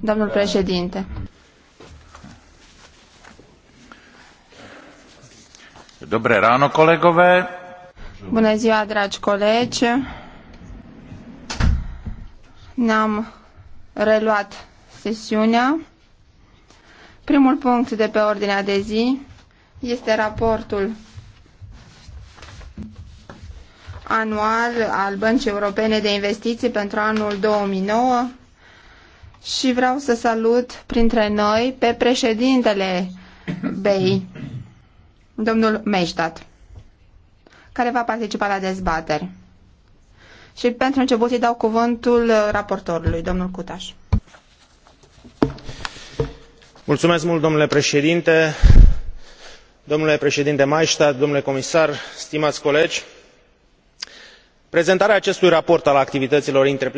Domnul președinte. Dobré ráno, kolegové. Bună ziua, dragi colegi. Ne-am reluat sesiunea. Primul punct de pe ordinea de zi este raportul anual al Băncii Europene de Investiții pentru anul 2009 și vreau să salut printre noi pe președintele BEI, domnul Meștat, care va participa la dezbateri. Și pentru început îi dau cuvântul raportorului, domnul Cutaș. Mulțumesc mult, domnule președinte, domnule președinte Maistat, domnule comisar, stimați colegi prezentarea acestui raport al activităilor întreprinse de către